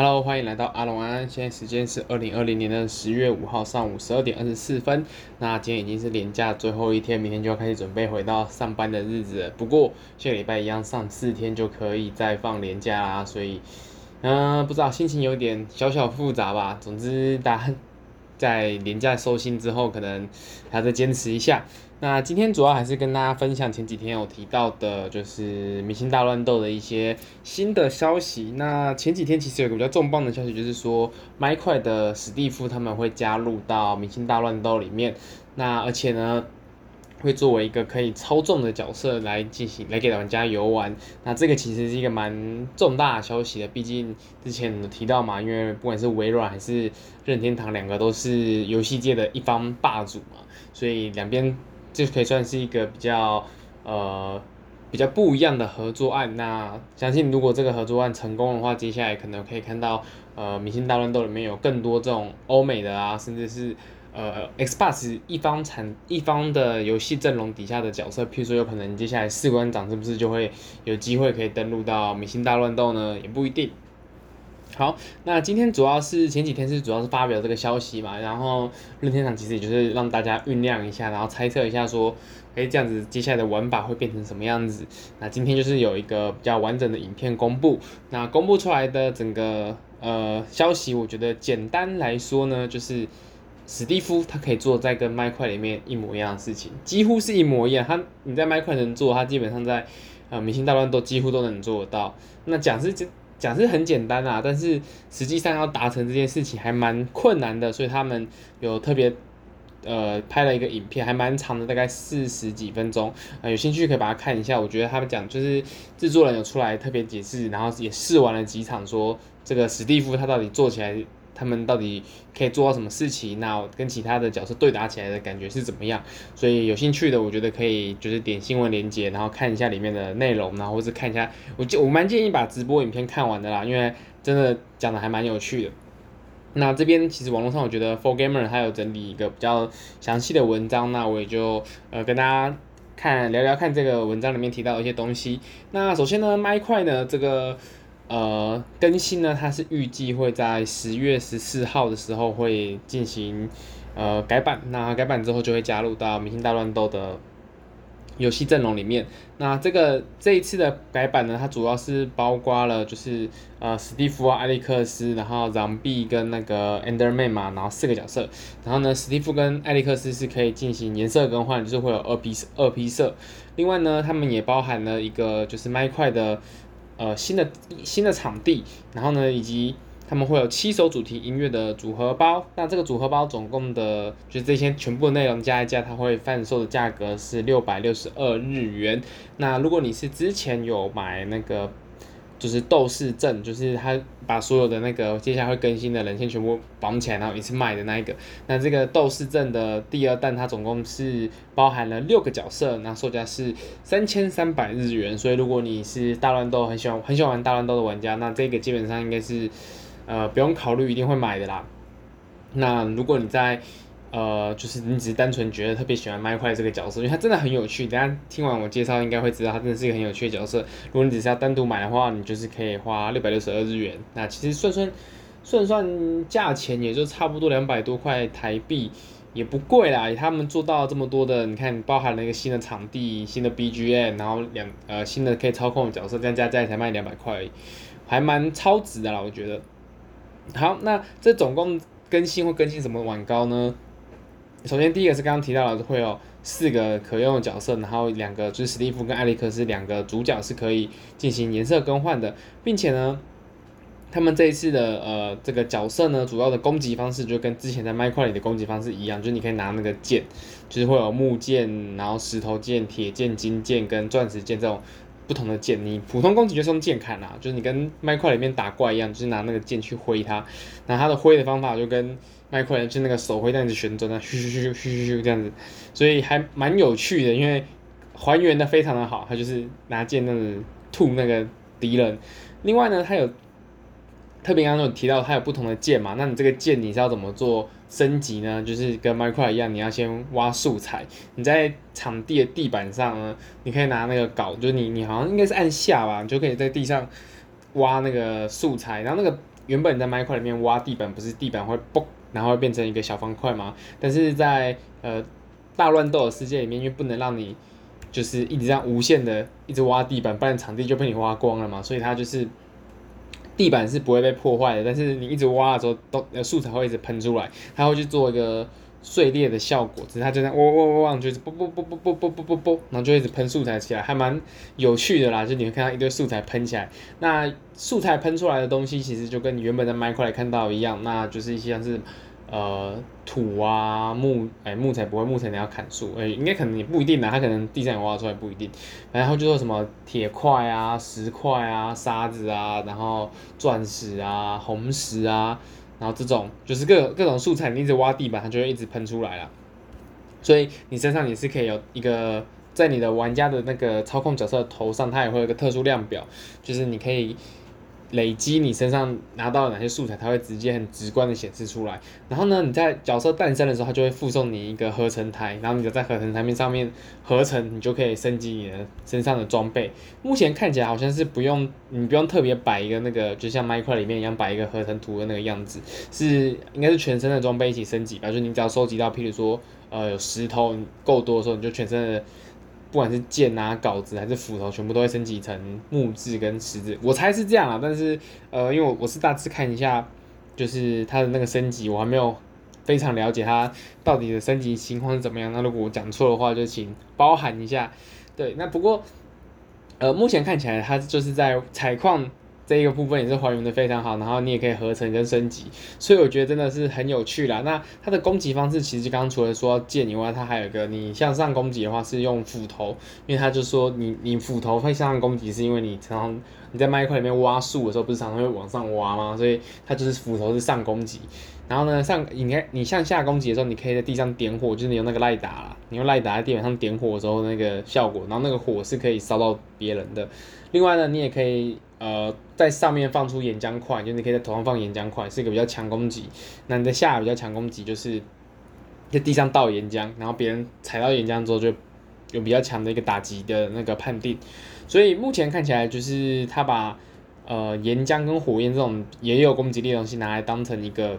Hello，歡迎來到阿隆安安。現在時間是二零二零年的十月五號上午十二點二十四分。那今天已經是年假最後一天，明天就要開始準備回到上班的日子了。不過下個禮拜一樣上四天就可以再放年假啦。所以，嗯、呃，不知道心情有點小小複雜吧。總之，大家在年假收心之後，可能還要再堅持一下。那今天主要還是跟大家分享前幾天有提到的，就是《明星大亂鬥》的一些新的消息。那前幾天其實有一個比較重磅的消息，就是說麥塊的史蒂夫他們會加入到《明星大亂鬥》裡面。那而且呢，會作為一個可以操縱的角色來進行，來給玩家遊玩。那這個其實是一個蠻重大的消息的，畢竟之前有提到嘛，因為不管是微軟還是任天堂，兩個都是遊戲界的一方霸主嘛，所以兩邊。就可以算是一個比較，呃，比較不一樣的合作案。那相信如果這個合作案成功的話，接下來可能可以看到，呃，明星大亂鬥裡面有更多這種歐美的啊，甚至是呃，Xbox 一方產一方的遊戲陣容底下的角色。譬如說，有可能接下來士官長是不是就會有機會可以登陸到明星大亂鬥呢？也不一定。好，那今天主要是前幾天是主要是發表這個消息嘛，然後任天堂其實也就是讓大家醞釀一下，然後猜測一下說，誒、欸，這樣子接下來的玩法會變成什麼樣子。那今天就是有一個比較完整的影片公布，那公布出來的整個呃消息，我覺得簡單來說呢，就是史蒂夫他可以做在跟麥塊裡面一模一樣的事情，幾乎是一模一樣。他你在麥塊能做，他基本上在啊、呃、明星大亂鬥幾乎都能做得到。那講是這。講是很簡單啊，但是實際上要達成這件事情還蠻困難的，所以他們有特別呃拍了一個影片，還蠻長的，大概四十幾分鐘啊、呃，有興趣可以把它看一下。我覺得他們講就是制作人有出來特別解釋，然後也試玩了幾場說，說這個史蒂夫他到底做起來。他們到底可以做到什麼事情？那跟其他的角色對打起來的感覺是怎麼樣？所以有興趣的，我覺得可以就是點新聞連結，然後看一下裡面的內容，然後或者看一下，我就我蠻建議把直播影片看完的啦，因為真的講的還蠻有趣的。那這邊其實網絡上我覺得 4Gamers 他有整理一個比較詳細的文章，那我也就呃跟大家看聊聊看這個文章裡面提到的一些東西。那首先呢麥塊呢這個。呃，更新呢，它是預計會在十月十四號的時候會進行呃改版，那改版之後就會加入到《明星大亂鬥》的遊戲陣容裡面。那這個這一次的改版呢，它主要是包括了就是呃史蒂夫啊、艾利克斯，然後 Zombie 跟那個 Enderman 嘛，然後四個角色。然後呢，史蒂夫跟艾利克斯是可以進行顏色更換，就是會有二批二批色。另外呢，他們也包含了一個就是麥塊的。呃，新的新的場地，然後呢，以及他們會有七首主題音樂的組合包。那這個組合包總共的，就是這些全部的內容加一加，它會販售的價格是六百六十二日元。那如果你是之前有買那個。就是鬥士陣，就是他把所有的那個接下來會更新的人先全部綁起來，然後一次賣的那一個。那這個鬥士陣的第二彈，它總共是包含了六個角色，那售價是三千三百日元。所以如果你是大亂鬥很喜歡很喜歡玩大亂鬥的玩家，那這個基本上應該是呃不用考慮，一定會買的啦。那如果你在呃，就是你只是單純覺得特別喜歡麥塊這個角色，因為它真的很有趣。等下聽完我介紹，應該會知道它真的是一個很有趣的角色。如果你只是要單獨買的話，你就是可以花六百六十二日元。那其實算算算算價錢，也就差不多兩百多塊台幣，也不貴啦。他們做到這麼多的，你看包含了一個新的場地、新的 BGM，然後兩呃新的可以操控的角色，這樣加起來才賣兩百塊，還蠻超值的啦，我覺得。好，那這總共更新會更新什麼碗糕呢？首先，第一個是剛剛提到的，就會有四個可用的角色，然後兩個就是史蒂夫跟艾利克斯兩個主角是可以進行顏色更換的，並且呢，他們這一次的呃這個角色呢，主要的攻擊方式就跟之前在麥塊裡的攻擊方式一樣，就是你可以拿那個劍，就是會有木劍、然後石頭劍、鐵劍、金、金劍跟鑽石劍這種不同的劍，你普通攻擊就是用劍砍啊，就是你跟麥塊裡面打怪一樣，就是拿那個劍去揮它，那它的揮的方法就跟。麥塊就那個手揮這樣子旋轉，啊，那咻咻咻咻咻咻這樣子，所以還蠻有趣的，因為還原的非常的好，他就是拿劍這樣子吐那個敵人。另外呢，他有特別剛剛有提到他有不同的劍嘛，那你這個劍你是要怎麼做升級呢？就是跟麥塊一樣，你要先挖素材。你在場地的地板上呢，你可以拿那個鎬，就是你你好像應該是按下吧，你就可以在地上挖那個素材。然後那個原本在麥塊裡面挖地板，不是地板會崩。然後會變成一個小方塊嘛，但是在呃大亂鬥的世界裡面，因為不能讓你就是一直這樣無限的一直挖地板，不然場地就被你挖光了嘛，所以它就是地板是不會被破壞的，但是你一直挖的時候，都素材會一直噴出來，它會去做一個。碎裂的效果，只是它就在汪汪汪，就是啵啵啵啵啵啵啵啵啵，然後就一直噴素材起來，還蠻有趣的啦。就你會看到一堆素材噴起來，那素材噴出來的東西，其實就跟你原本的 Minecraft 看到一樣，那就是一些像是呃土啊、木哎木材不會，木材你要砍樹，哎應該可能也不一定啊，它可能地上也挖出來不一定。然後就說什麼鐵塊啊、石塊啊、沙子啊，然後鑽石啊、紅石啊。然後這種就是各各種素材，你一直挖地板，它就會一直噴出來了。所以你身上也是可以有一個，在你的玩家的那個操控角色的頭上，它也會有一個特殊量表，就是你可以。累積你身上拿到了哪些素材，它會直接很直觀的顯示出來。然後呢，你在角色誕生的時候，它就會附送你一個合成台，然後你在合成台面上面合成，你就可以升級你的身上的裝備。目前看起來好像是不用，你不用特別擺一個那個，就像 Minecraft 裡面一樣擺一個合成圖的那個樣子，是應該是全身的裝備一起升級吧？就你只要收集到，譬如說，呃，有石頭你夠多的時候，你就全身的。不管是劍啊、鎬子還是斧頭，全部都會升級成木質跟石質。我猜是這樣啊，但是呃，因為我是大致看一下，就是它的那個升級，我還沒有非常了解它到底的升級情況是怎麼樣。那如果我講錯的話，就請包涵一下。對，那不過呃，目前看起來它就是在採礦。這一個部分也是還原的非常好，然後你也可以合成跟升級，所以我覺得真的是很有趣啦。那它的攻擊方式其實剛剛除了說要劍以外，它還有一個你向上攻擊的話是用斧頭，因為它就說你你斧頭會向上攻擊，是因為你常常你在麥塊裡面挖樹的時候不是常常會往上挖嗎？所以它就是斧頭是上攻擊。然後呢，上應該你,你向下攻擊的時候，你可以在地上點火，就是你用那個賴打啦，你用賴打在地板上點火的時候那個效果，然後那個火是可以燒到別人的。另外呢，你也可以。呃，在上面放出岩漿塊，就是你可以在頭上放岩漿塊，是一個比較強攻擊。那你的下比較強攻擊，就是在地上倒岩漿，然後別人踩到岩漿之後，就有比較強的一個打擊的那個判定。所以目前看起來，就是他把呃岩漿跟火焰這種也有攻擊力的東西拿來當成一個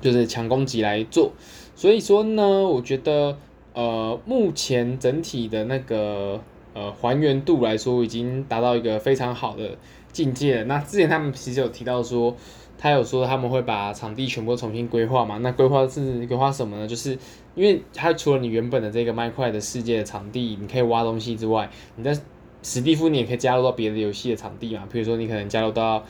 就是強攻擊來做。所以說呢，我覺得呃目前整體的那個。呃，還原度來說已經達到一個非常好的境界了。那之前他們其實有提到說，他有說他們會把場地全部重新規劃嘛。那規劃是規劃什麼呢？就是因為它除了你原本的這個麥塊的世界的場地，你可以挖東西之外，你在史蒂夫你也可以加入到別的遊戲的場地嘛。比如說你可能加入到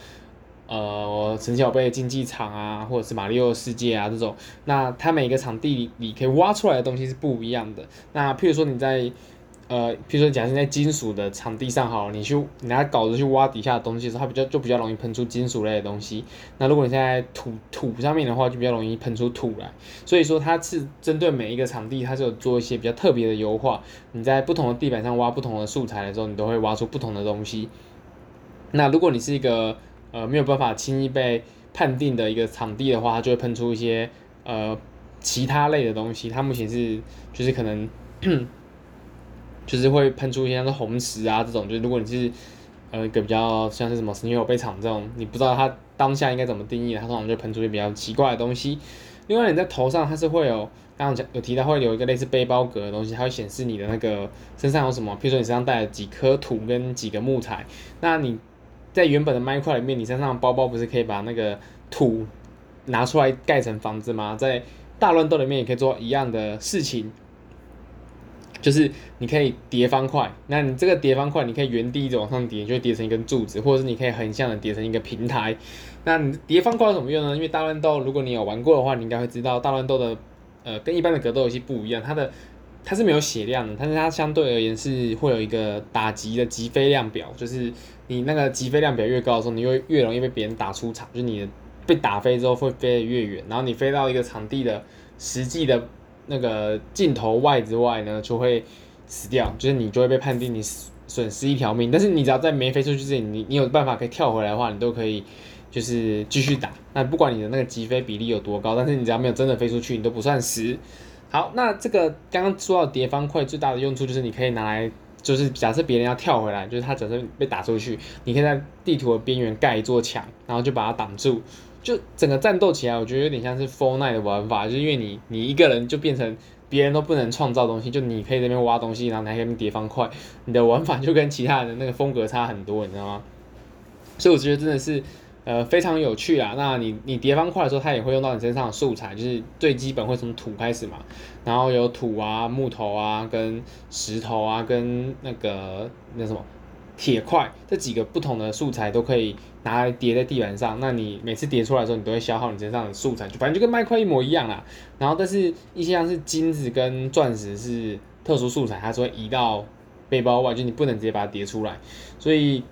呃，神奇寶貝競技場啊，或者是馬里奧世界啊這種。那它每一個場地裡，裡可以挖出來的東西是不一樣的。那譬如說你在呃，譬如說，假設在金屬的場地上，好了，你去你拿鎬子去挖底下的東西的時候，它比較就比較容易噴出金屬類的東西。那如果你現在土土上面的話，就比較容易噴出土來。所以說，它是針對每一個場地，它是有做一些比較特別的優化。你在不同的地板上挖不同的素材的時候，你都會挖出不同的東西。那如果你是一個呃沒有辦法輕易被判定的一個場地的話，它就會噴出一些呃其他類的東西。它目前是就是可能。 就是會噴出一些像是紅石啊這種，就如果你是呃一個比較像是什麼女有備場這種，你不知道它當下應該怎麼定義，它突然就噴出一些比較奇怪的東西。另外你在頭上它是會有剛剛講有提到會有一個類似背包格的東西，它會顯示你的那個身上有什麼，比如說你身上帶了幾顆土跟幾個木材。那你在原本的 Minecraft 裡面，你身上的包包不是可以把那個土拿出來蓋成房子嗎？在大亂鬥裡面也可以做一樣的事情。就是你可以疊方塊，那你這個疊方塊，你可以原地一直往上疊，就疊成一根柱子，或者是你可以橫向的疊成一個平台。那你疊方塊有什麼用呢？因為大亂鬥，如果你有玩過的話，你應該會知道大亂鬥的，呃，跟一般的格鬥遊戲不一樣，它的它是沒有血量的，但是它相對而言是會有一個打擊的擊飛量表，就是你那個擊飛量表越高的時候，你會越容易被別人打出場，就是你被打飛之後會飛得越遠，然後你飛到一個場地的實際的。那個鏡頭外之外呢，就會死掉，就是你就會被判定，你損失一條命。但是你只要在沒飛出去之前，你你有辦法可以跳回來的話，你都可以就是繼續打。那不管你的那個擊飛比例有多高，但是你只要沒有真的飛出去，你都不算死。好，那這個剛剛說到疊方塊最大的用處就是你可以拿來，就是假設別人要跳回來，就是他假設被打出去，你可以在地圖的邊緣蓋一座牆，然後就把它擋住。就整個戰鬥起來，我覺得有點像是 Fortnite 的玩法，就是因為你你一個人就變成別人都不能創造東西，就你可以在那邊挖東西，然後你還在那邊疊方塊，你的玩法就跟其他的那個風格差很多，你知道嗎？所以我覺得真的是呃非常有趣啊。那你你疊方塊的時候，它也會用到你身上的素材，就是最基本會從土開始嘛，然後有土啊、木頭啊、跟石頭啊、跟那個那什麼。鐵塊這幾個不同的素材都可以拿來疊在地板上，那你每次疊出來的時候，你都會消耗你身上的素材，就反正就跟麥塊一模一樣啦。然後，但是一些像是金子跟鑽石是特殊素材，它只會移到背包外，就你不能直接把它疊出來。所以，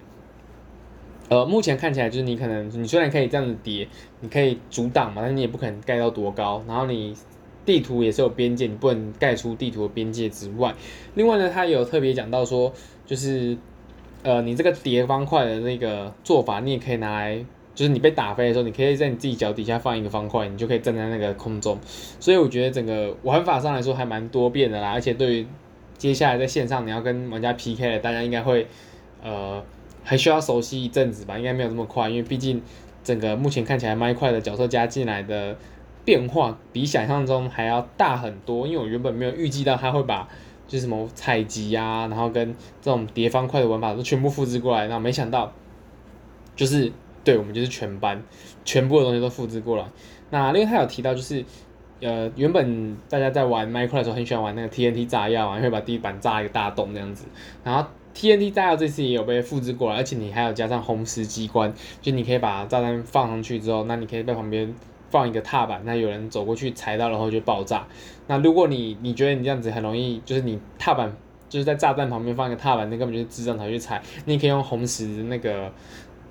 呃，目前看起來就是你可能你雖然可以這樣子疊，你可以阻擋嘛，但你也不可能蓋到多高。然後你地圖也是有邊界，你不能蓋出地圖的邊界之外。另外呢，他也有特別講到說，就是。呃，你這個疊方塊的那個做法，你也可以拿來，就是你被打飛的時候，你可以在你自己腳底下放一個方塊，你就可以站在那個空中。所以我覺得整個玩法上來說還蠻多變的啦，而且對於接下來在線上你要跟玩家 PK 的，大家應該會呃還需要熟悉一陣子吧，應該沒有這麼快，因為畢竟整個目前看起來麥塊的角色加進來的變化比想象中還要大很多，因為我原本沒有預計到他會把。就是什麼採集呀、啊，然後跟這種疊方塊的玩法都全部複製過來，然後沒想到就是對我們就是全班全部的東西都複製過來。那另外他有提到，就是呃原本大家在玩《Minecraft》的時候很喜歡玩那個 TNT 炸藥啊，會把地板炸一個大洞這樣子。然後 TNT 炸藥這次也有被複製過來，而且你還有加上紅石機關，就你可以把炸彈放上去之後，那你可以在旁邊。放一個踏板，那有人走過去踩到，然後就爆炸。那如果你你覺得你這樣子很容易，就是你踏板就是在炸彈旁邊放一個踏板，那根本就是智障才去踩。你可以用紅石的那個，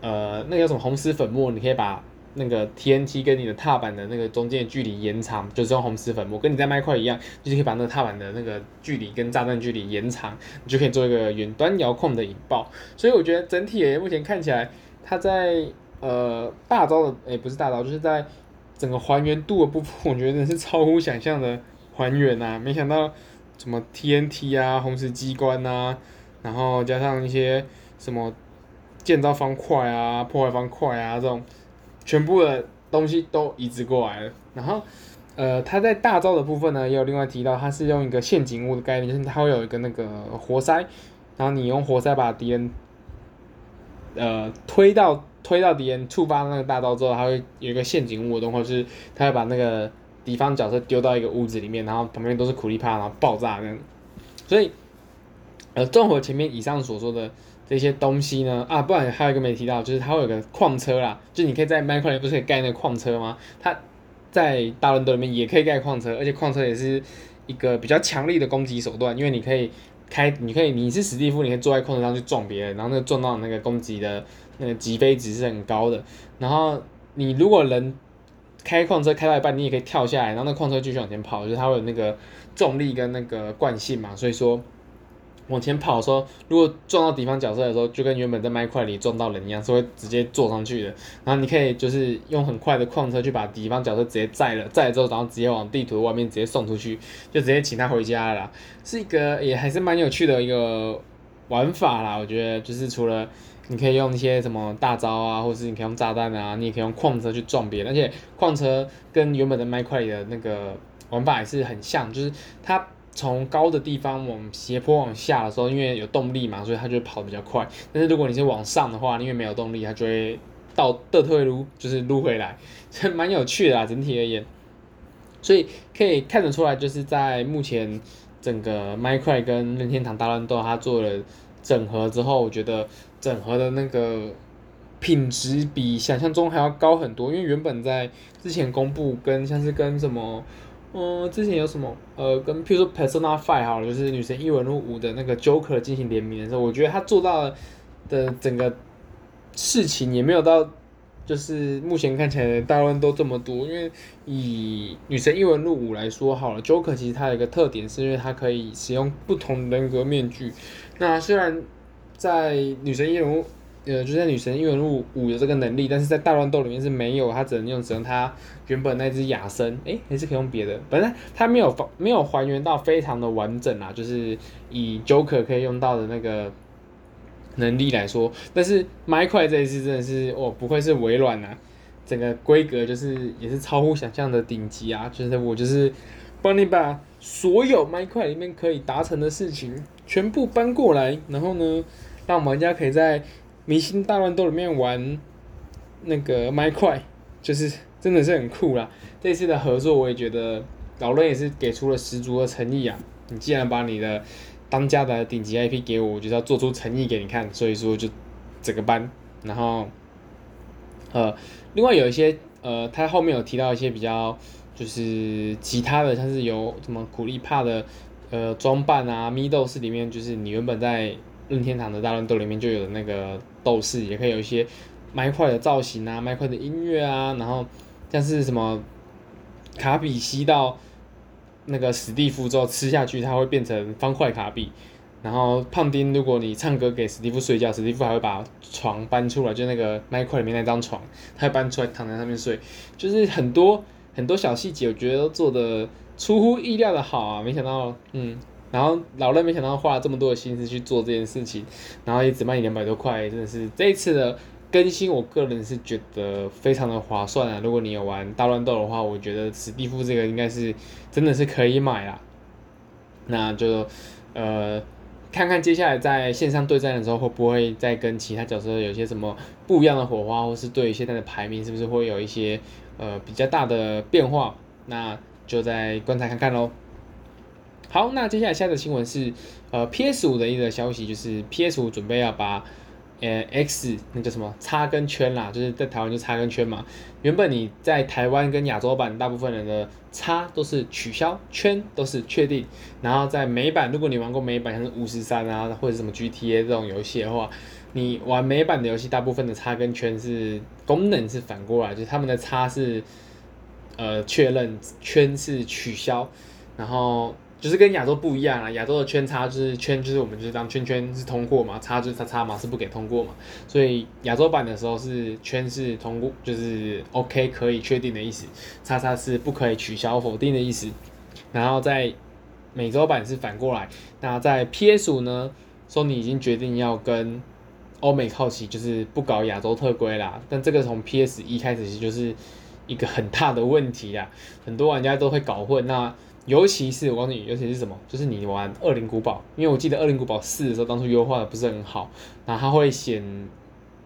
呃，那個什麼紅石粉末，你可以把那個 TNT 跟你的踏板的那個中間距離延長，就是用紅石粉末跟你在麥塊一樣，就是可以把那個踏板的那個距離跟炸彈距離延長，你就可以做一個遠端遙控的引爆。所以我覺得整體、欸、目前看起來，它在呃大招的也、欸、不是大招，就是在整個還原度的部分，我覺得是超乎想象的還原吶、啊！沒想到什麼 TNT 啊、紅石機關吶、啊，然後加上一些什麼建造方塊啊、破壞方塊啊這種，全部的東西都移植過來了。然後，呃，他在大招的部分呢，也有另外提到，他是用一個陷阱物的概念，就是他會有一個那個活塞，然後你用活塞把敵人，呃，推到。推到敵人觸發那個大招之後，它會有一個陷阱互動，或者是他會把那個敵方角色丟到一個屋子裡面，然後旁邊都是苦力怕，然後爆炸這樣。所以，呃，綜合前面以上所說的這些東西呢，啊，不然還有一個沒提到，就是它會有一個礦車啦，就是你可以在 Minecraft 裡不是可以蓋那個礦車嗎？它在大亂鬥裡面也可以蓋礦車，而且礦車也是一個比較強力的攻擊手段，因為你可以。開，你可以，你是史蒂夫，你可以坐在礦車上去撞別人，然後那個撞到那個攻擊的，那個擊飛值是很高的。然後你如果能開礦車開到一半，你也可以跳下來，然後那礦車繼續往前跑，就是它會有那個重力跟那個慣性嘛，所以說。往前跑的時候，如果撞到敵方角色的時候，就跟原本在麥塊裡撞到人一樣，是會直接坐上去的。然後你可以就是用很快的礦車去把敵方角色直接載了，載了之後，然後直接往地圖的外面直接送出去，就直接請他回家了。是一個也還是蠻有趣的一個玩法啦，我覺得就是除了你可以用一些什麼大招啊，或者是你可以用炸彈啊，你也可以用礦車去撞別人，而且礦車跟原本的麥塊裡的那個玩法也是很像，就是它。從高的地方往斜坡往下的時候，因為有動力嘛，所以它就會跑比較快。但是如果你是往上的話，因為沒有動力，它就會倒着退，路擼就是擼回來，蠻有趣的。整體而言，所以可以看得出來，就是在目前整個《Minecraft》跟《任天堂大亂鬥》它做了整合之後，我覺得整合的那個品質比想象中還要高很多。因為原本在之前公布跟像是跟什麼。嗯，之前有什麼呃，跟譬如說 Persona 5好了，就是女神異聞錄五的那個 Joker 進行聯名的時候，我覺得他做到的整個事情也沒有到，就是目前看起來的大亂鬥都這麼多。因為以女神異聞錄五來說好了，Joker 其實它有一個特點，是因為它可以使用不同人格面具。那雖然在女神異聞錄呃，就像女神異聞錄五有這個能力，但是在大亂鬥裡面是沒有，他只能用只能他原本那只啞聲，誒、欸，還是可以用別的。本來他沒有復沒有還原到非常的完整啊，就是以 Joker 可以用到的那個能力來說，但是 Minecraft 這一次真的是哦，不愧是微軟啊。整個規格就是也是超乎想象的頂級啊！就是我就是幫你把所有 Minecraft 裡面可以達成的事情全部搬過來，然後呢，讓我們玩家可以在明星大亂鬥裡面玩那個麥塊，就是真的是很酷啦！這次的合作我也覺得，老任也是給出了十足的誠意啊！你既然把你的當家的頂級 IP 給我，我就要做出誠意給你看。所以說就整個班，然後呃，另外有一些呃，他後面有提到一些比較就是其他的，像是有什麼苦力怕的呃裝扮啊，Mii 鬥士裡面就是你原本在。任天堂的大亂鬥裡面就有的那個鬥士，也可以有一些麥塊的造型啊，麥塊的音樂啊，然後像是什麼卡比吸到那個史蒂夫之後吃下去，它會變成方塊卡比。然後胖丁，如果你唱歌給史蒂夫睡覺，史蒂夫還會把床搬出來，就那個麥塊裡面那張床，他搬出來躺在上面睡，就是很多很多小細節，我覺得都做的出乎意料的好啊，沒想到，嗯。然後老任沒想到花了這麼多的心思去做這件事情，然後也只賣你兩百多塊，真的是這一次的更新，我個人是覺得非常的划算啊！如果你有玩大亂鬥的話，我覺得史蒂夫這個應該是真的是可以買啊。那就呃看看接下來在線上對戰的時候，會不會再跟其他角色有些什麼不一樣的火花，或是對現在的排名是不是會有一些呃比較大的變化，那就再觀察看看嘍。好，那接下來下一個新聞是，呃，PS5 的一個消息，就是 PS5 準備要把，呃，X 那叫什麼叉跟圈啦，就是在台灣就叉跟圈嘛。原本你在台灣跟亞洲版大部分人的叉都是取消，圈都是確定。然後在美版，如果你玩過美版像是五十三啊或者什麼 GTA 這種遊戲的話，你玩美版的遊戲，大部分的叉跟圈是功能是反過來，就是他們的叉是呃確認，圈是取消，然後。就是跟亞洲不一樣啊，亞洲的圈叉就是圈，就是我們就是當圈圈是通過嘛，叉就是叉叉嘛，是不給通過嘛。所以亞洲版的時候是圈是通過，就是 OK 可以確定的意思，叉叉是不可以取消否定的意思。然後在美洲版是反過來。那在 PS 五呢，Sony 已經決定要跟歐美靠齊，就是不搞亞洲特規啦。但這個從 PS 一開始就是一個很大的問題啊，很多玩家都會搞混那。尤其是我告訴你，尤其是什麼，就是你玩《惡靈古堡》，因為我記得《惡靈古堡四》的時候，當初優化的不是很好，然後它會顯，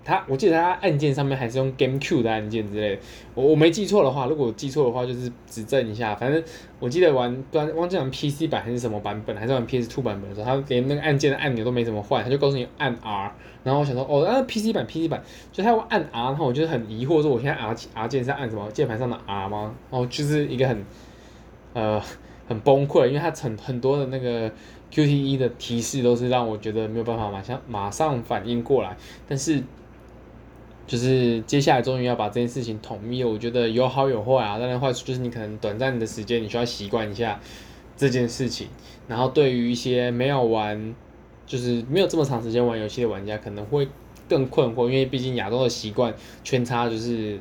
它我記得它按鍵上面還是用 GameCube 的按鍵之類的，我我沒記錯的話，如果我記錯的話就是指正一下。反正我記得玩端，忘記 PC 版還是什麼版本，還是玩 PS2 版本的時候，它連那個按鍵的按鈕都沒怎麼換，它就告訴你按 R。然後我想說，哦，那、啊、PC 版 PC 版就它要按 R，然後我就很疑惑說，我現在 R R 鍵是按什麼？鍵盤上的 R 嗎？然後就是一個很呃。很崩潰，因為他很很多的那個 QTE 的提示都是讓我覺得沒有辦法馬上馬上反應過來。但是就是接下來終於要把這件事情統一，我覺得有好有壞啊。當然壞處就是你可能短暫的時間你需要習慣一下這件事情，然後對於一些沒有玩，就是沒有這麼長時間玩遊戲的玩家可能會更困惑，因為畢竟亞洲的習慣圈叉就是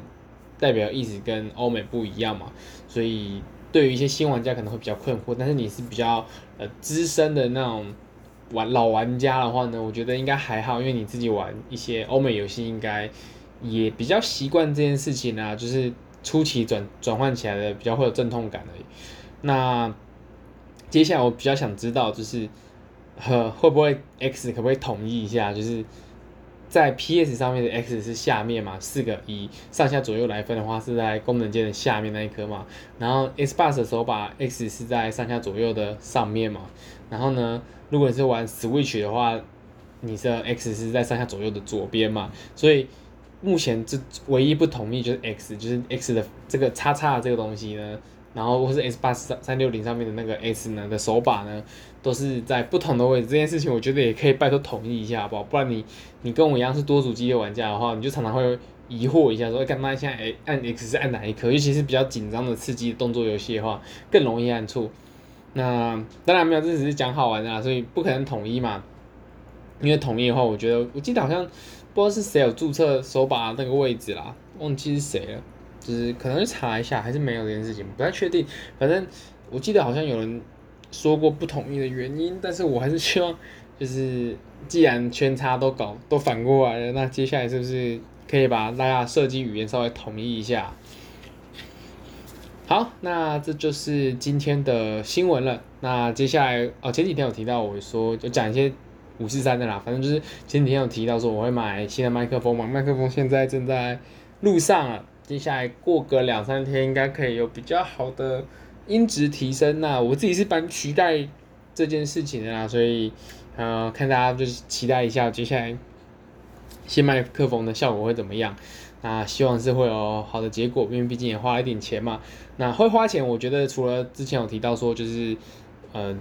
代表意思跟歐美不一樣嘛，所以。對於一些新玩家可能會比較困惑，但是你是比較呃資深的那種玩老玩家的話呢，我覺得應該還好，因為你自己玩一些歐美遊戲，應該也比較習慣這件事情啊，就是初期轉轉換起來的比較會有陣痛感而已。那接下來我比較想知道就是呵，會不會 X 可不可以統一一下，就是。在 PS 上面的 X 是下面嘛，四個一，上下左右來分的話，是在功能鍵的下面那一顆嘛。然後 Xbox 的手把 X 是在上下左右的上面嘛。然後呢，如果你是玩 Switch 的話，你的 X 是在上下左右的左邊嘛。所以目前這唯一不同意就是 X，就是 X 的這個叉叉這個東西呢。然後或是 S 八三三六零上面的那個 X 呢的手把呢，都是在不同的位置。這件事情我覺得也可以拜托統一一下，好不好？不然你你跟我一樣是多主機的玩家的話，你就常常會疑惑一下說，說哎幹嘛現在哎按 X 是按哪一顆？尤其是比較緊張的刺激動作遊戲的話，更容易按錯。那當然沒有，這只是講好玩的啦，所以不可能統一嘛。因為統一的話，我覺得我記得好像不知道是誰有注冊手把那個位置啦，忘記是誰了。是可能去查一下，還是沒有這件事情不太確定。反正我記得好像有人說過不統一的原因，但是我還是希望，就是既然圈叉都搞都反過來了，那接下來是不是可以把大家設計語言稍微統一一下？好，那這就是今天的新聞了。那接下來哦，前幾天有提到我說就講一些五四三的啦，反正就是前幾天有提到說我會買新的麥克風嘛，麥克風現在正在路上啊。接下來過個兩三天，應該可以有比較好的音質提升。那我自己是蠻期待這件事情的啦，所以呃，看大家就是期待一下接下來新麥克風的效果會怎麼樣。那希望是會有好的結果，因為畢竟也花了一點錢嘛。那會花錢，我覺得除了之前有提到說就是嗯。呃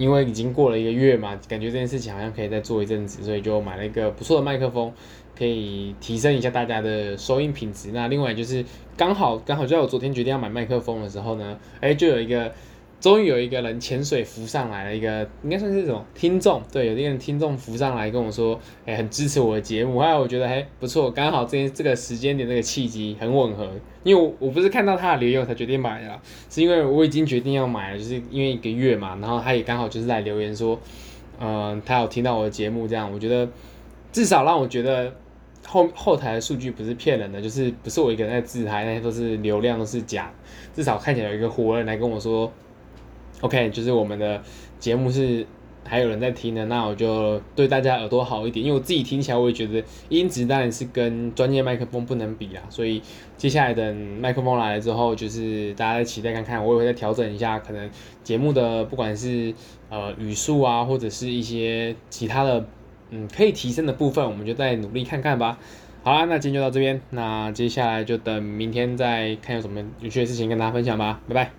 因為已經過了一個月嘛，感覺這件事情好像可以再做一陣子，所以就買了一個不錯的麥克風，可以提升一下大家的收音品質。那另外就是剛好剛好就在我昨天決定要買麥克風的時候呢，哎，就有一個。終於有一個人潛水浮上來了，一個應該算是那種聽眾，對，有一個人聽眾浮上來跟我說，哎，很支持我的節目，後來我覺得，還不錯，剛好這些這個時間點那、這個契機很吻合，因為我我不是看到他的留言我才決定買的，是因為我已經決定要買了，就是因為一個月嘛，然後他也剛好就是在留言說，嗯，他有聽到我的節目，這樣，我覺得至少讓我覺得後後台的數據不是騙人的，就是不是我一個人在自嗨，那些都是流量都是假，至少看起來有一個活人來跟我說。OK，就是我們的節目是還有人在聽的，那我就對大家耳朵好一點，因為我自己聽起來我也覺得音質當然是跟專業麥克風不能比啦，所以接下來等麥克風來了之後，就是大家再期待看看，我也會再調整一下，可能節目的不管是呃語速啊，或者是一些其他的嗯可以提升的部分，我們就再努力看看吧。好啦，那今天就到這邊，那接下來就等明天再看有什麼有趣的事情跟大家分享吧，拜拜。